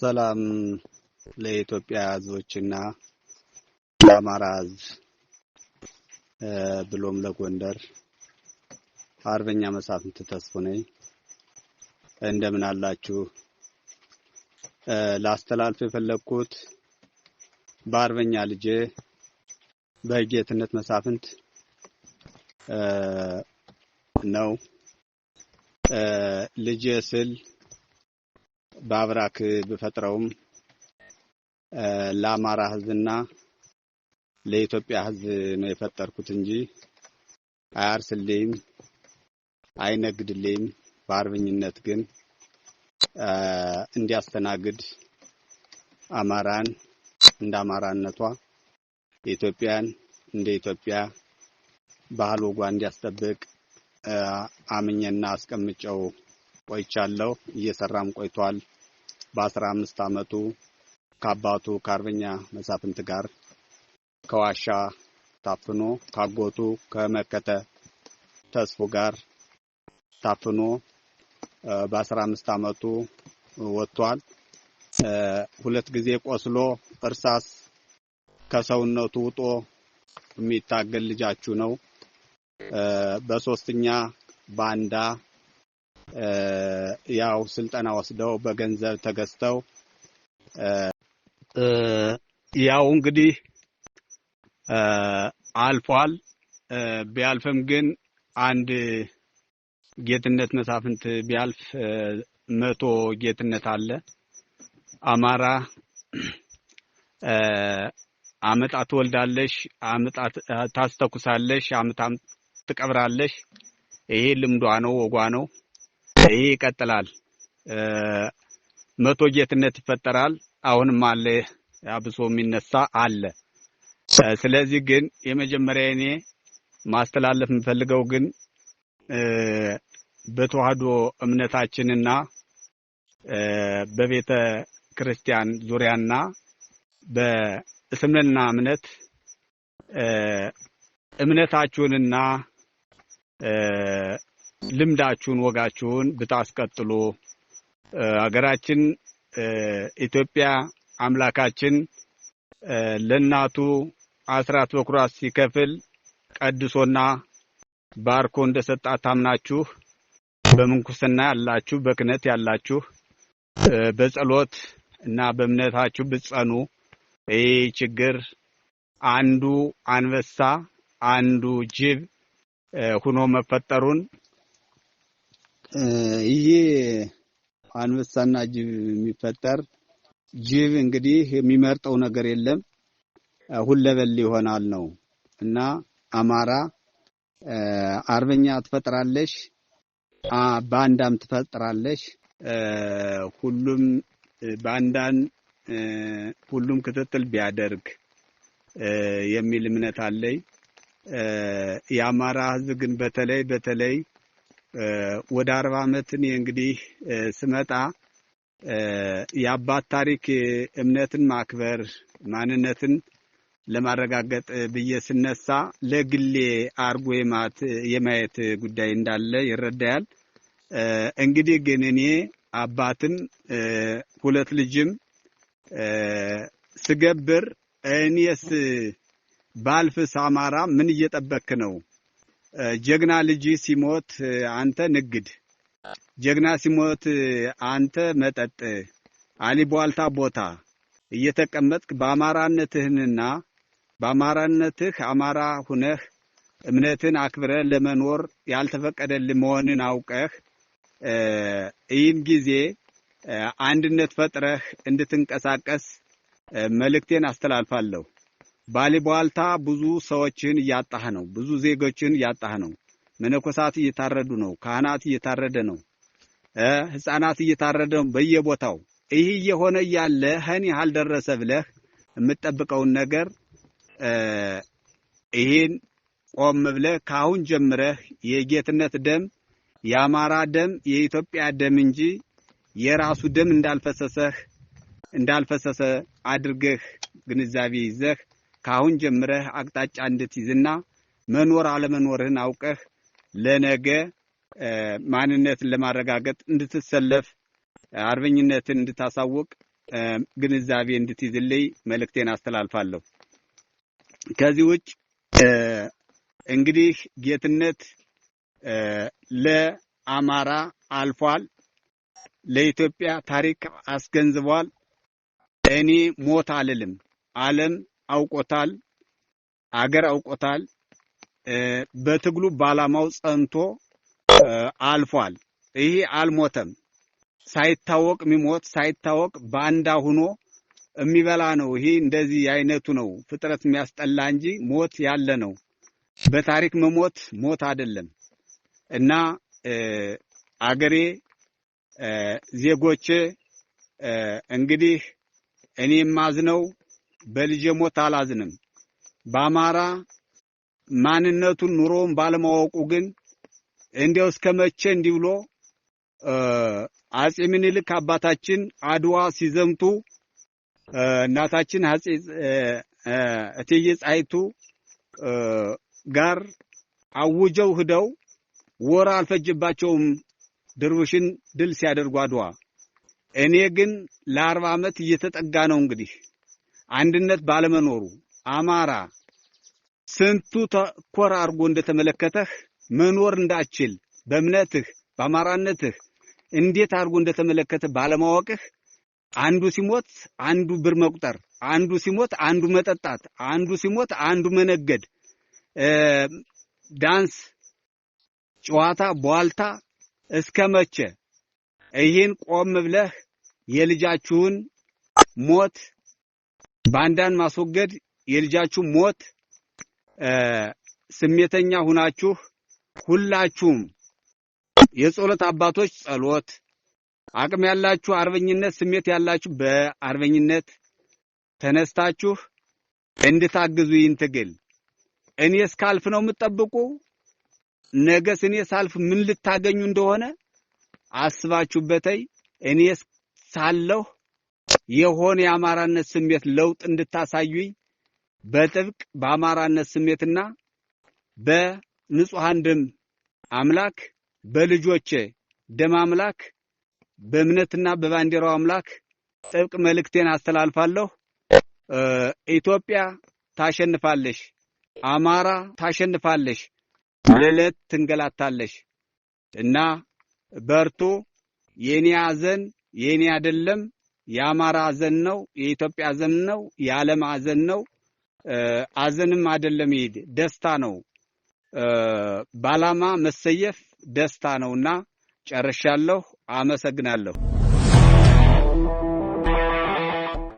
ሰላም ለኢትዮጵያ ህዝቦችና ለአማራ ህዝብ ብሎም ለጎንደር። አርበኛ መሳፍንት ተስፎ ነኝ። እንደምን አላችሁ? ላስተላልፍ የፈለግኩት በአርበኛ ልጄ በጌትነት መሳፍንት ነው። ልጄ ስል በአብራክ ብፈጥረውም ለአማራ ህዝብና ለኢትዮጵያ ህዝብ ነው የፈጠርኩት እንጂ አያርስልኝም፣ አይነግድልኝም። በአርበኝነት ግን እንዲያስተናግድ አማራን እንደ አማራነቷ ኢትዮጵያን እንደ ኢትዮጵያ ባህል ወጓ እንዲያስጠብቅ አምኜና አስቀምጨው ቆይቻለሁ። እየሰራም ቆይቷል። በአስራ አምስት ዓመቱ ከአባቱ ከአርበኛ መሳፍንት ጋር ከዋሻ ታፍኖ ካጎቱ ከመከተ ተስፉ ጋር ታፍኖ በአስራ አምስት ዓመቱ ወጥቷል። ሁለት ጊዜ ቆስሎ እርሳስ ከሰውነቱ ውጦ የሚታገል ልጃችሁ ነው። በሶስተኛ ባንዳ ያው ስልጠና ወስደው በገንዘብ ተገዝተው ያው እንግዲህ አልፏል። ቢያልፍም ግን አንድ ጌትነት መሳፍንት ቢያልፍ መቶ ጌትነት አለ። አማራ አመጣ ትወልዳለሽ፣ አመጣ ታስተኩሳለሽ፣ አመጣም ትቀብራለሽ። ይሄ ልምዷ ነው፣ ወጓ ነው። ይህ ይቀጥላል። መቶ ጌትነት ይፈጠራል። አሁንም አለ አብሶ የሚነሳ አለ። ስለዚህ ግን የመጀመሪያ እኔ ማስተላለፍ የምፈልገው ግን በተዋህዶ እምነታችንና በቤተ ክርስቲያን ዙሪያና በእስልምና እምነት እምነታችሁንና ልምዳችሁን ወጋችሁን ብታስቀጥሉ ሀገራችን ኢትዮጵያ አምላካችን ለእናቱ አስራት በኩራት ሲከፍል ቀድሶና ባርኮ እንደሰጣት ታምናችሁ በምንኩስና ያላችሁ በክነት ያላችሁ በጸሎት እና በእምነታችሁ ብትጸኑ ይህ ችግር አንዱ አንበሳ አንዱ ጅብ ሆኖ መፈጠሩን ይሄ አንበሳና ጅብ የሚፈጠር ጅብ እንግዲህ የሚመርጠው ነገር የለም ሁለበል ይሆናል ነው እና አማራ አርበኛ ትፈጥራለሽ፣ ባንዳም ትፈጥራለሽ። ሁሉም ባንዳን ሁሉም ክትትል ቢያደርግ የሚል እምነት አለኝ። የአማራ ሕዝብ ግን በተለይ በተለይ ወደ አርባ ዓመት እኔ እንግዲህ ስመጣ የአባት ታሪክ እምነትን ማክበር ማንነትን ለማረጋገጥ ብዬ ስነሳ ለግሌ አርጎ የማየት ጉዳይ እንዳለ ይረዳያል። እንግዲህ ግን እኔ አባትም ሁለት ልጅም ስገብር እኔስ ባልፍስ አማራ ምን እየጠበክ ነው? ጀግና ልጅ ሲሞት አንተ ንግድ፣ ጀግና ሲሞት አንተ መጠጥ፣ አሊ ቦታ እየተቀመጥክ በአማራነትህንና በአማራነትህ አማራ ሁነህ እምነትን አክብረ ለመኖር ያልተፈቀደልህ መሆንን አውቀህ ይህን ጊዜ አንድነት ፈጥረህ እንድትንቀሳቀስ መልእክቴን አስተላልፋለሁ። ባሊቧልታ ብዙ ሰዎችን እያጣህ ነው። ብዙ ዜጎችን እያጣህ ነው። መነኮሳት እየታረዱ ነው። ካህናት እየታረደ ነው። ሕፃናት እየታረደ ነው በየቦታው። ይህ እየሆነ እያለ ህን ያህል ደረሰ ብለህ የምጠብቀውን ነገር ይህን ቆም ብለህ ከአሁን ጀምረህ የጌትነት ደም የአማራ ደም የኢትዮጵያ ደም እንጂ የራሱ ደም እንዳልፈሰሰህ እንዳልፈሰሰ አድርገህ ግንዛቤ ይዘህ ከአሁን ጀምረህ አቅጣጫ እንድትይዝና መኖር አለመኖርህን አውቀህ ለነገ ማንነትን ለማረጋገጥ እንድትሰለፍ አርበኝነትን እንድታሳውቅ ግንዛቤ እንድትይዝልኝ መልእክቴን አስተላልፋለሁ። ከዚህ ውጭ እንግዲህ ጌትነት ለአማራ አልፏል፣ ለኢትዮጵያ ታሪክ አስገንዝቧል። እኔ ሞት አልልም። ዓለም አውቆታል፣ አገር አውቆታል። በትግሉ ባላማው ጸንቶ አልፏል። ይሄ አልሞተም። ሳይታወቅ የሚሞት ሳይታወቅ ባንዳ ሁኖ የሚበላ ነው። ይሄ እንደዚህ አይነቱ ነው ፍጥረት የሚያስጠላ እንጂ ሞት ያለ ነው። በታሪክ መሞት ሞት አይደለም እና አገሬ ዜጎቼ እንግዲህ እኔ የማዝነው በልጄ ሞት አላዝንም። በአማራ ማንነቱን ኑሮውን ባለማወቁ ግን እንዲያው እስከ መቼ እንዲህ ብሎ አጼ ምኒልክ አባታችን አድዋ ሲዘምቱ እናታችን እቴጌ ጣይቱ ጋር አውጀው ሂደው ወር አልፈጅባቸውም ድርብሽን ድል ሲያደርጉ አድዋ። እኔ ግን ለአርባ ዓመት እየተጠጋ ነው እንግዲህ አንድነት ባለመኖሩ አማራ ስንቱ ተኮር አድርጎ እንደተመለከተህ መኖር እንዳችል በእምነትህ በአማራነትህ እንዴት አድርጎ እንደተመለከተ ባለማወቅህ አንዱ ሲሞት አንዱ ብር መቁጠር፣ አንዱ ሲሞት አንዱ መጠጣት፣ አንዱ ሲሞት አንዱ መነገድ፣ ዳንስ፣ ጨዋታ፣ ቧልታ እስከ መቼ? ይህን ቆም ብለህ የልጃችሁን ሞት ባንዳን ማስወገድ የልጃችሁ ሞት ስሜተኛ ሁናችሁ ሁላችሁም የጸሎት አባቶች ጸሎት፣ አቅም ያላችሁ አርበኝነት ስሜት ያላችሁ በአርበኝነት ተነስታችሁ እንድታግዙ ይህን ትግል እኔ እስካልፍ ነው የምጠብቁ። ነገስ እኔ ሳልፍ ምን ልታገኙ እንደሆነ አስባችሁበተይ እኔ ሳለሁ የሆነ የአማራነት ስሜት ለውጥ እንድታሳዩኝ በጥብቅ በአማራነት ስሜትና በንጹሐን ደም አምላክ በልጆቼ ደም አምላክ በእምነትና በባንዲራው አምላክ ጥብቅ መልእክቴን አስተላልፋለሁ። ኢትዮጵያ ታሸንፋለሽ፣ አማራ ታሸንፋለሽ፣ ለዕለት ትንገላታለሽ እና በርቱ። የኔ አዘን የኔ አይደለም። የአማራ አዘን ነው፣ የኢትዮጵያ አዘን ነው፣ የዓለም አዘን ነው። አዘንም አይደለም ይሄድ ደስታ ነው። ባላማ መሰየፍ ደስታ ነውና ጨርሻለሁ። አመሰግናለሁ።